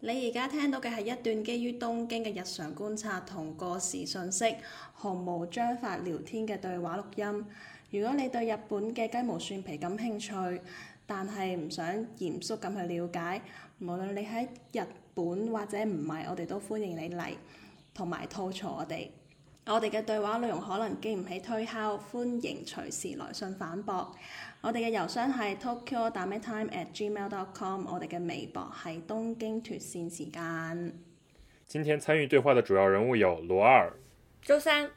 你而家聽到嘅係一段基於東京嘅日常觀察同過時信息，毫無章法聊天嘅對話錄音。如果你對日本嘅雞毛蒜皮感興趣，但係唔想嚴肅咁去了解，無論你喺日本或者唔係，我哋都歡迎你嚟，同埋吐槽我哋。我哋嘅對話內容可能經唔起推敲，歡迎隨時來信反駁。我哋嘅郵箱係 tokyo dame time at gmail dot com，我哋嘅微博係東京脫線時間。今天參與對話的主要人物有羅二、周三、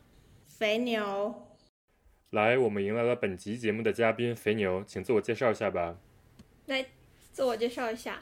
肥牛。來，我們迎來了本集節目嘅嘉賓肥牛，請自我介紹一下吧。來，自我介紹一下。